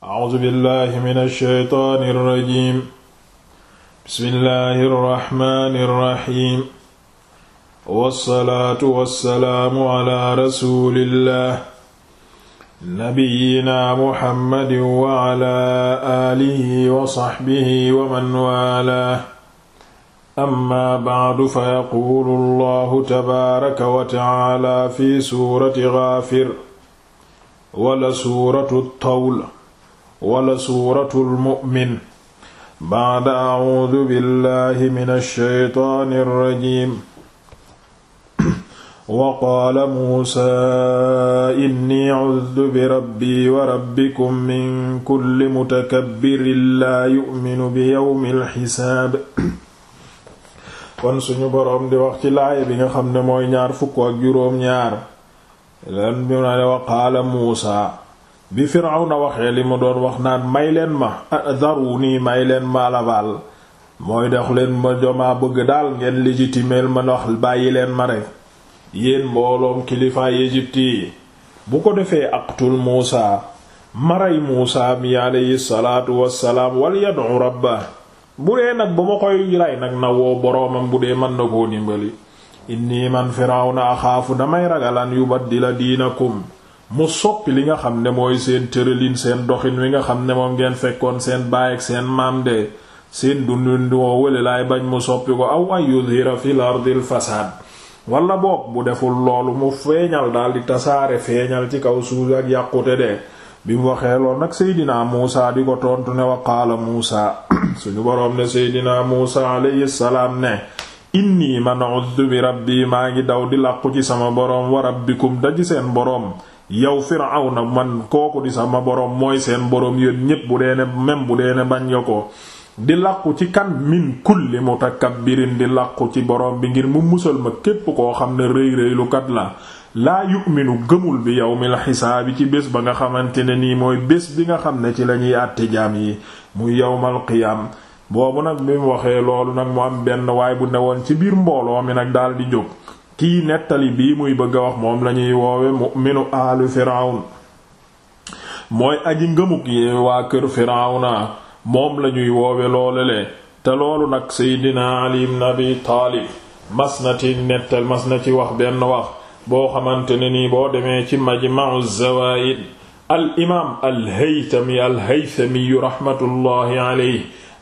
A'uuzu billaahi mina shaytaani rajiim. Bismillaahi rahmaani rahiim. Wassalaatu wassalaamu alaa rasuulillaah. Nabiyyinaa Muhammadin wa alaa aalihi wa sahbihi wa man waalaah. Ammaa ba'du fayaquulu Allaahu tabaaraka wa ta'aalaa fi suurati Ghaafir. Wala suuratu Tawl. wala suuratul mu'min ba'da a'uudu billahi minash shaytaanir rajiim wa qaala muusaa inni a'uudu bi rabbii wa rabbikum min kulli mutakabbirin laa yu'minu bi yawmil hisaab kon suñu boroom di wax ci laaya bi nga xam ne mooy ñaar fukk ak juróom ñaar lan bi na wa qaala muusaa bi Firawna waxe li ma doon wax naan may leen ma daru nii may leen ma labaal mooy dox leen ma jomaa bëgg daal ngeen légitimeel ma wax bàyyi leen ma rekk yéen mbooloom kilifaay Égypte yi bu ko defee aqtul Muusa maray Muusa mi alayhi salaatu wassalaam wal yad'u rabba bu dee nag ba ma koy rey nag na woo boroomam bu dee mën na koo dimbali inni man Firawna axaafu damay ragalan yubaddila diinakum mu soppi li nga xam ne mooy seen tëralin seen doxin wi nga xam ne moom ngeen fekkoon seen baay ak seen maam de seen dundin woo wële laay bañ mu soppi ko aw ay yuzhira fil ardil fasaad wala boog bu deful loolu mu feeñal daal di tasaare feeñal ci kaw suuf ak yàqute de bi mu waxee lool nag seydinaa muusa di ko tontu ne wa qaala muusa suñu boroom ne seydinaa muusa alayhi salaam ne inni man uddu bi rabbi maa ngi daw di làqu ci sama boroom wa rabbikum daji seen boroom yow Firawna man kooku di sama borom mooy seen borom yéen ñépp bu dee ne même bu dee ne bañ nga ko di làqu ci kan min kulli mutakabbirin di làqu ci borom bi ngir mu musal ma képp koo xam ne rëy rëylu kat la laa yu'minu gëmul bi mi la yawmil xisaabi ci bés ba nga xamante ne nii mooy bés bi nga xam ne ci lañuy àtte jaam yi mu yawmal qiyaam boobu nag bi mu waxee loolu nag mu am benn waay bu newoon ci biir mbooloo mi nag daldi jóg kii nettali bii muy bëgg a wax moom lañuy woowe mu'minu ahlu firawn mooy aji ngëmuk yi waa kër firawna moom lañuy woowe loole le te loolu nag seydina ali ibn abi taalib mas na ci nettal mas ci wax benn wax boo xamante ne nii boo demee ci majma'u zawaid al imaam al haytami al haytami rahmatullahi alayhi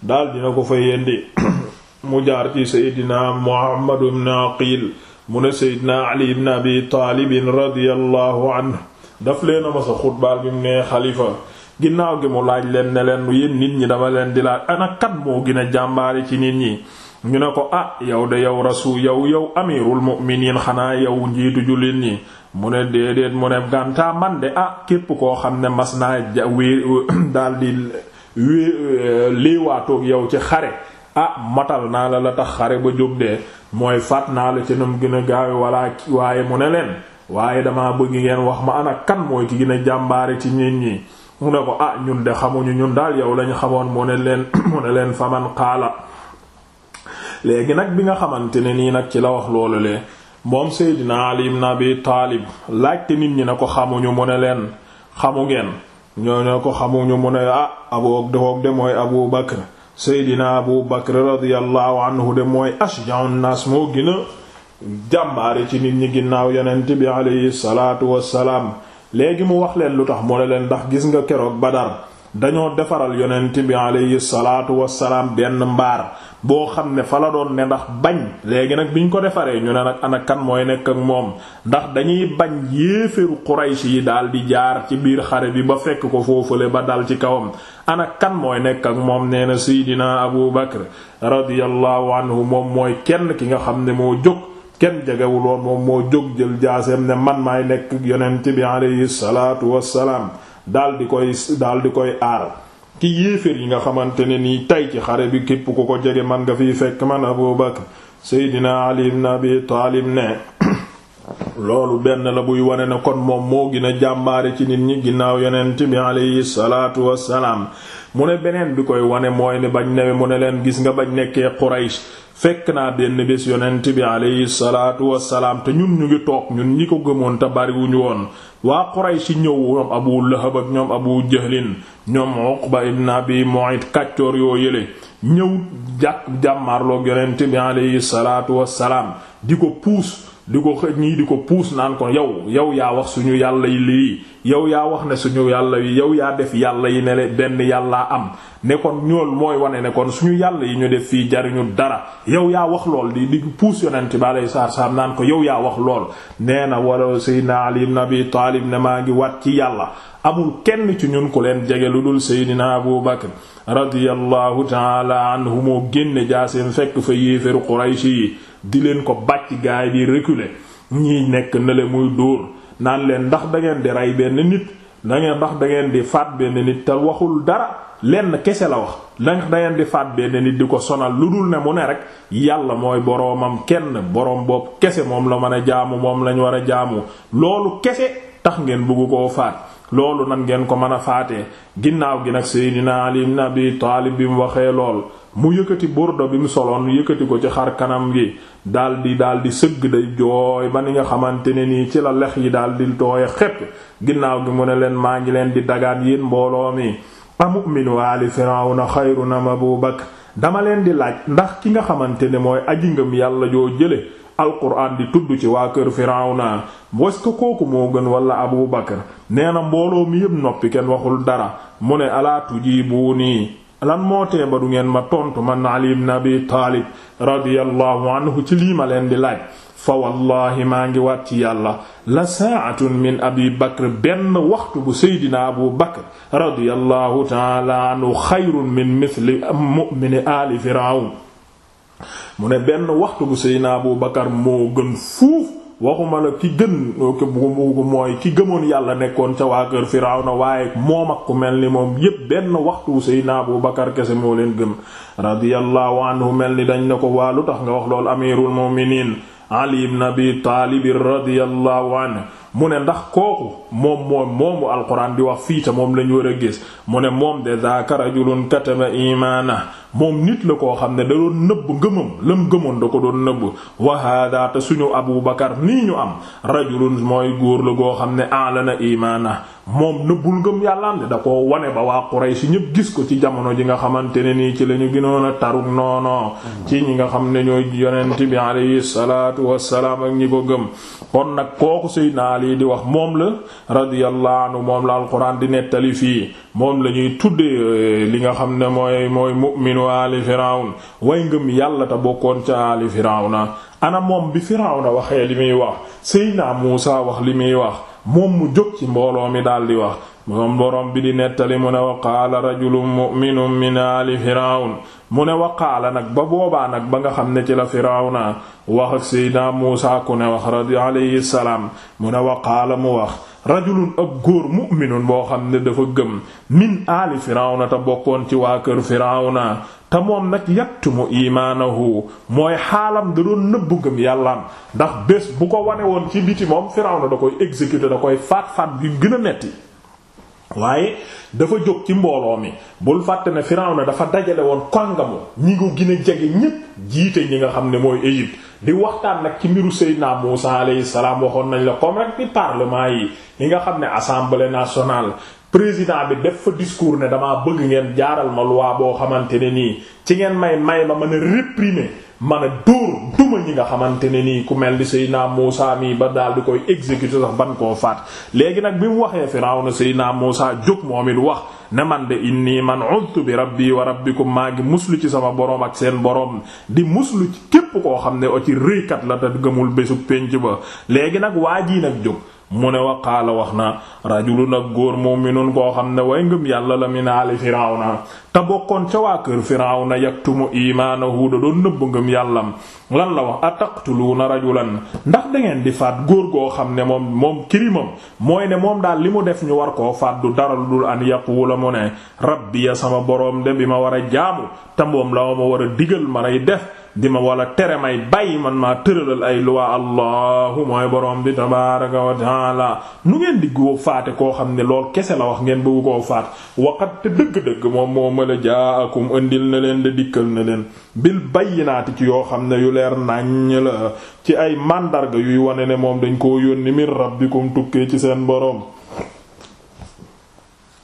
daal dina ko fa yendi mu jaar ci seydina muhammad ibn aqil mu ne seydina ali ibn abi taalibin radiyallahu anhu daf leen a sa xutbaal bi mu nee xalifa ginnaaw gi mu laaj leen ne leen yéen nit ñi dama leen di laa ana kan moo gën a jàmbaari ci nit ñi ñu ne ko ah yow de yow rasul yow yow amirul mu'minin xanaa yow njiitu jullit ñi mu ne déedéet mu ne gàntaa man de ah képp koo xam ne mas naa ja wé daal di wé léewaatoog yow ci xare ah matal naa la la tax xare ba jóg dee mooy faat naa la ca nam gën a gaawe waaye mu ne leen waaye dama bëgg ngeen wax ma ana kan mooy ki gën a jàmbaare ci ñin ñi mu ne ko a ah, ñun de xamuñu ñun daal yow lañu xamoon mu ne leen mu ne leen faman xaala léegi nag bi nga xamante ne nii nag ci la wax loolu le moom Seydina Ali ibn bi Taalib laajte nit ñi ne ko xamuñu mu ne leen xamu ngeen ñoo ne ko xamuñu mu ne ah aboog de mooy Abu Bakr seydina abu bakr radiyallahu anhu de mooy ashja'un nas moo gën a ci nit ñi ginnaaw yonent bi aleyhi salaatu wassalaam léegi mu wax leen lu tax mu ne leen ndax gis nga keroog badar dañoo defaral yonent bi alayhi salaatu wassalaam benn mbaar boo xam ne fa la doon ne ndax bañ léegi nag bi ñu ko defaree ñu ne nag ana kan mooy nekk ak moom ndax dañuy bañ yéeféru Quraysh yi daal di jaar ci biir xare bi ba fekk ko foofule ba dal ci kawam ana kan mooy nekk ak moom nee na Seydina Abu Bakr radiyallahu anhu moom mooy kenn ki nga xam ne moo jóg kenn jegewuloon moom moo jóg jël jaaseem ne man maay nekk yonent bi alayhi salaatu wassalaam daal di koy daal di koy aar ki yéeféer yi nga xamante ne nii tay ci xare bi képp ku ko jege man nga fiy fekk man Abu Bakr Seydina Ali ibn Abi Taalib ne loolu benn la buy wane ne kon moom moo gën a jàmbaare ci nit ñi ginnaaw yonent bi alayhi salaatu wassalaam mu ne beneen bi koy wane mooy ne bañ newe mu ne leen gis nga bañ nekkee Quraysh fekk naa benn bés yonent bi aleyhi salaatu wassalaam te ñun ñu ngi toog ñun ñi ko gëmoon te bariwuñu woon waa Quraysh ñëw ñoom Abu Lahab ak ñoom Abu Jahlin ñoom Uqba ibn Abi Mu'ayt kàccoor yoo yële ñëw jàkk jàmmaarloog yonent bi aleyhi salaatu wassalaam di ko puus di ko xëj ñii di ko puus naan ko yow yow yaa wax suñu yàlla yi lii yow yaa wax ne suñu yàlla yi yow yaa def yàlla yi ne le benn yàlla am ne kon ñool mooy wane ne kon suñu yàlla yi ñu def fii jariñu dara yow yaa wax lool di di puus yonent ba lay saar saar naan ko yow yaa wax lool nee na wala Seydina Ali na Abi Taalib ne maa ngi wat ci yàlla amul kenn ci ñun ku leen jege lu dul Seydina Abu Bakr radiyallahu taala anhu moo génne jaaseem fekk fa yéeféru di leen ko bàcc gaay di reculer ñii nekk nele le muy dóor naan leen ndax dangeen di rey benn nit da ngeen ndax da ngeen di faat benn nit te waxul dara lenn kese la wax ndax dangeen di faat benn nit di ko sonal lu dul ne mu ne rek yàlla mooy boroomam kenn boroom bopp kese moom la mën a jaamu moom lañ war a jaamu loolu kese tax ngeen bëgg koo faat. loolu nan ngeen ko mën a faatee ginnaaw gi nag seydina ali ibn abi taalib bi mu waxee lool mu yëkkati burda bi mu soloon yëkkati ko ci xar kanam gi daldi daldi sëgg day jooy ba ni nga xamante ne nii ci la lex yi daldi tooye xepp ginnaaw gi mu ne leen maa ngi leen di dagaat yéen mbooloo mi amuminu aali firawna na ma bu bakr dama leen di laaj ndax ki nga xamante ne mooy aji ngëm yàlla joo jële alquran di tudd ci waa kër Firawna was ko kooku moo gën wala Abu Bakar nee na mbooloo mi yépp noppi kenn waxul dara mu ne alaa tujibuuni lan moo tee ba ngeen ma tontu man Ali ibn Abi Taalib radiyallahu anhu ci lii ma leen di laaj fa wallahi maa ngi waat ci yàlla la saa'atun min abi bakr benn waxtu bu seydina abu bakr radiyallahu ta'ala anhu xayrun min mithli mu'mini ali fir'awn mu ne benn waxtu bu Seydina Abu Bakar moo gën fuuf waxuma la ki gën mooy ki gëmoon yàlla nekkoon ca waa kër Firawna waaye moom ak ku mel ni moom yépp benn waxtu bu Seydina Abu Bakar kese moo leen gën radiyallahu anhu mel ni dañ ne ko waa lu tax nga wax lool amirul mu'minin Ali ibn Abi Taalib radiyallahu anhu mu ne ndax kooku moom moom moomu alquran di wax fii te moom lañu ñu war a gis mu ne moom de zaaka rajulun katama imaana moom nit la koo xam ne da doon nëbb ngëmam lam gëmoon da ko doon nëbb wa hada te suñu abu bakar nii ñu am rajulun mooy góor la goo xam ne alana imaana moom nëbbul ngëm yàllaam de da ko wane ba waa su ñépp gis ko ci jamono ji nga xamante ne nii ci lañu ñu a taruk noono mm-hmm. ci ñi nga xam ne ñooy yonent bi alayhi salaatu salaam ak ñi ko gëm kon nag kooku sayyidina Ali di wax moom la radiyallahu anhu moom la alquran di nettali fii moom la ñuy tuddee eh, li nga xam ne mooy mooy mu'minu ali firawn way ngëm yàlla te bokkoon ca ali firawna ana moom bi firawna waxee li muy wax Seydina Muusa wax li muy wax moom mu jóg ci mbooloo mi daal di wax moom borom bi di nettali mu ne wa qaala rajulun mu'minun min aali firawun mu ne wa qaala nag ba boobaa nag ba nga xam ne ci la firawna wax ak seydinaa muusa ku ne wax radi alayhi salaam mu ne wa mu wax rajulun ak góor mu'minun boo xam ne dafa gëm min aali firawna te bokkoon ci waa kër firawna te moom nag yaktumu imaanahu mooy xaalam da doon nëbbu gëm yàllaam ndax bés bu ko wane woon ci biti moom firawna da koy exécuter da koy faat faat bi gën a metti waaye dafa jóg ci mbooloo mi bul fàtte ne Firawna dafa dajale woon kàngamu ñi ngi gën jege ñépp jiite ñi nga xam ne mooy Égypte di waxtaan nag ci mbiru Seydina Muusa alayhi salaam waxoon nañ la comme rek di parlement yi li nga xam ne assemblée nationale président bi def fa discours ne damaa bëgg ngeen jaaral ma loi boo xamante ne nii ci ngeen may may ma mën a réprimer man a dóor duma ñi nga xamante ne nii ku mel ni Seydina Muusa mii ba daal di koy exécuter sax ban koo faat léegi nag bi mu waxee na Firawna Seydina Muusa jóg moom it wax ne man de inni man udtu bi rabbi wa rabbikum maa ngi muslu ci sama boroom ak seen boroom di muslu ci képp koo xam ne o ci rëykat la te gëmul bésub pénc ba léegi nag waa jii nag jóg mu ne wa qaala wax na rajulun ak góor mu'minun koo xam ne way ngëm yàlla la min aali firawna te bokkoon ca waa kër firawna yaktumu imaanahu da doon nëbb ngëm yàllam lan la wax ataqtuluuna rajulan ndax dangeen di faat góor goo xam ne moom moom kirimam mooy ne moom daal li mu def ñu war koo faat du dara lu dul an yaquula mu ne rabbiya sama boroom de bi ma war a jaamu te moom la ma war a digal ma lay def di ma wala tere may bàyyi man maa tëralal ay luwaa allahu mooy borom bi tabaraka wa taala nu ngeen di faate koo xam ne lool kese la wax ngeen bëggu koo faat waqat te dëgg-dëgg moom moo mala jaakum indil na leen de dikkal na leen bil bayyinaati ci yoo xam ne yu leer naññ la ci ay màndarga yuy wane ne moom dañ koo yónni min rabbikum tukkee ci seen borom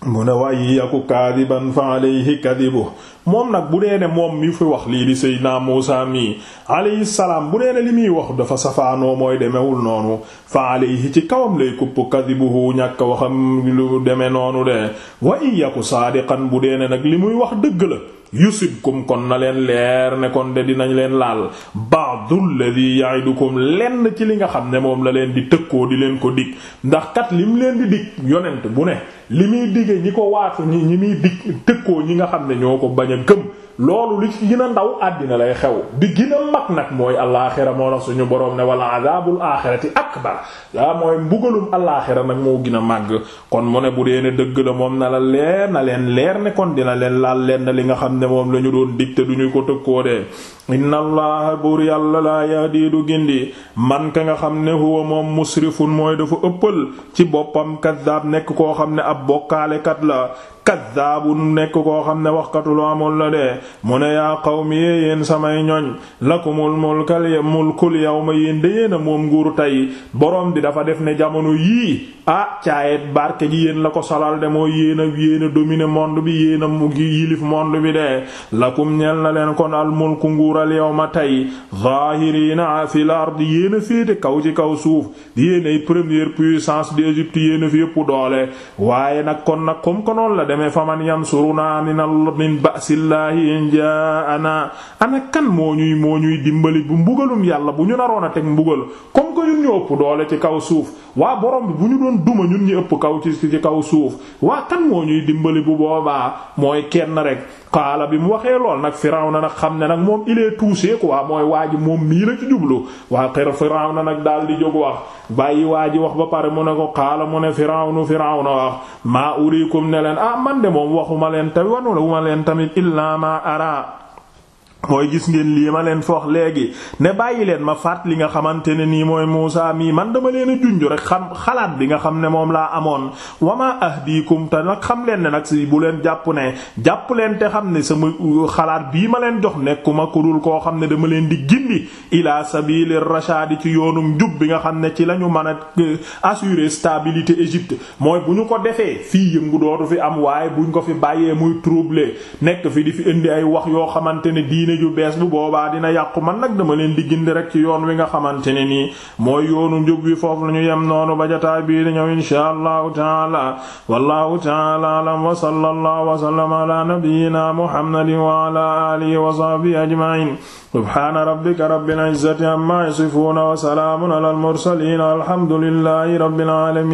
mu ne waaye yaku kaadiban fa alayhi kadibu moom nag bu dee ne moom mi fi wax lii di Seydina Muusa mi alayhi salaam bu dee ne li muy wax dafa safaanoo mooy demewul noonu fa alayhi ci kawam lay kupp kadibuhu ñàkk waxam lu deme noonu de wa in saadiqan bu dee ne nag li muy wax dëgg la yusibkum kon na leen leer ne kon de dinañ leen laal ba'dul ladhi ya'idukum lenn ci li nga xam ne moom la leen di tëkkoo di leen ko dig ndax kat mu leen di dig yonent bu ne li muy diggee ñi ko waatu ñi ñi muy dig tëkkoo ñi nga xam ne ñoo ko bañ a gëm loolu li ci gën a ndaw àddina lay xew bi gën mag nag mooy alaaxira moo tax suñu boroom ne wala azabul axirati akbar daa mooy mbugalum alaaxira nag moo gën a màgg kon mu ne bu dee ne dëgg la moom na la leer na leen leer ne kon dina leen laal leen li nga xam ne moom lañu ñu doon dig te du ñu ko tëkkoo dee inna allaha buur yàlla laa yahdi du gindi man ka nga xam ne huwa moom musrifun mooy dafa ëppal ci boppam kaddaab nekk koo xam ne ab ab bokkaalekat la kaddaabun nekk koo xam ne waxkatu lu amul la de mu ne yaa qawmi yéen samay ñoñ lakumul mulkal mulkul yawma yéen de yéen a moom nguur tey boroom bi dafa def ne jamono yii ah caayet barke ji yéen la ko solal de mooy yéen a yéen a monde bi yéen a mu yilif monde bi de lakum ñeel na leen kon al mulku nguural yawma tey zahirina fil ard yéen a féete kaw ci kaw suuf yéen ay première puissance d'Égypte yéen a fi yëpp doole waaye nag kon nag comme ko demee fa man yansuruna min ba'sillaahi in jaa'ana ana kan moo ñuy moo ñuy dimbali bu mbugalum yàlla bu ñu naroon a teg mbugal comme que ñun ñu ëpp doole ci kaw suuf waa borom bi bu ñu doon duma ñun ñu ëpp kaw ci ci kaw suuf waa kan moo ñuy dimbali bu boobaa mooy kenn rek qaala bi mu waxee lool nag Firawna nag xam ne nag moom il est touché quoi mooy waa ji moom mii la ci jublu waa xër Firawna nag daal di jóg wax bàyyi waa ji wax ba pare mu ne ko qaala mu ne Firawnu Firawna wax maa uriikum ne a ah, man de moom waxuma leen te wanula leen tamit illaa ma ara mooy gis ngeen lii ma leen foox léegi ne bàyyi leen ma faat li nga xamante ne nii mooy Muusaa mii man dama leen a rek xam xalaat bi nga xam ne moom laa amoon wama ahdiikum te nag xam leen ne nag si bu leen jàpp ne jàpp leen te xam ne sama euh, xalaat bii ma leen jox nekkuma ku dul koo xam ne dama leen di gindi ila sabili rashadi ci yoonum jub bi nga xam ne ci la ñu mën a euh, assurer stabilité Égypte mooy bu ñu ko defee fii yëngu dootu fi am waaye buñ ko fi bàyyee muy troubler nekk fi di wax yoo xamante diine ju bees bu boobaa dina yàqu man nag dama leen di gindi rek ci yoon wi nga xamante ne nii mooy yoonu njub wi foofu la ñu yem noonu ba jotaay bii di ñëw inshaa allahu taala wallahu taala alam wa sallallahu wa sallama ala nabiyyina muhammadin wa ala alihi wa sahbihi ajma'in subhana rabbika rabbil izzati amma yasifuna wa salaamun ala al mursalin alhamdulillahi rabbil alamin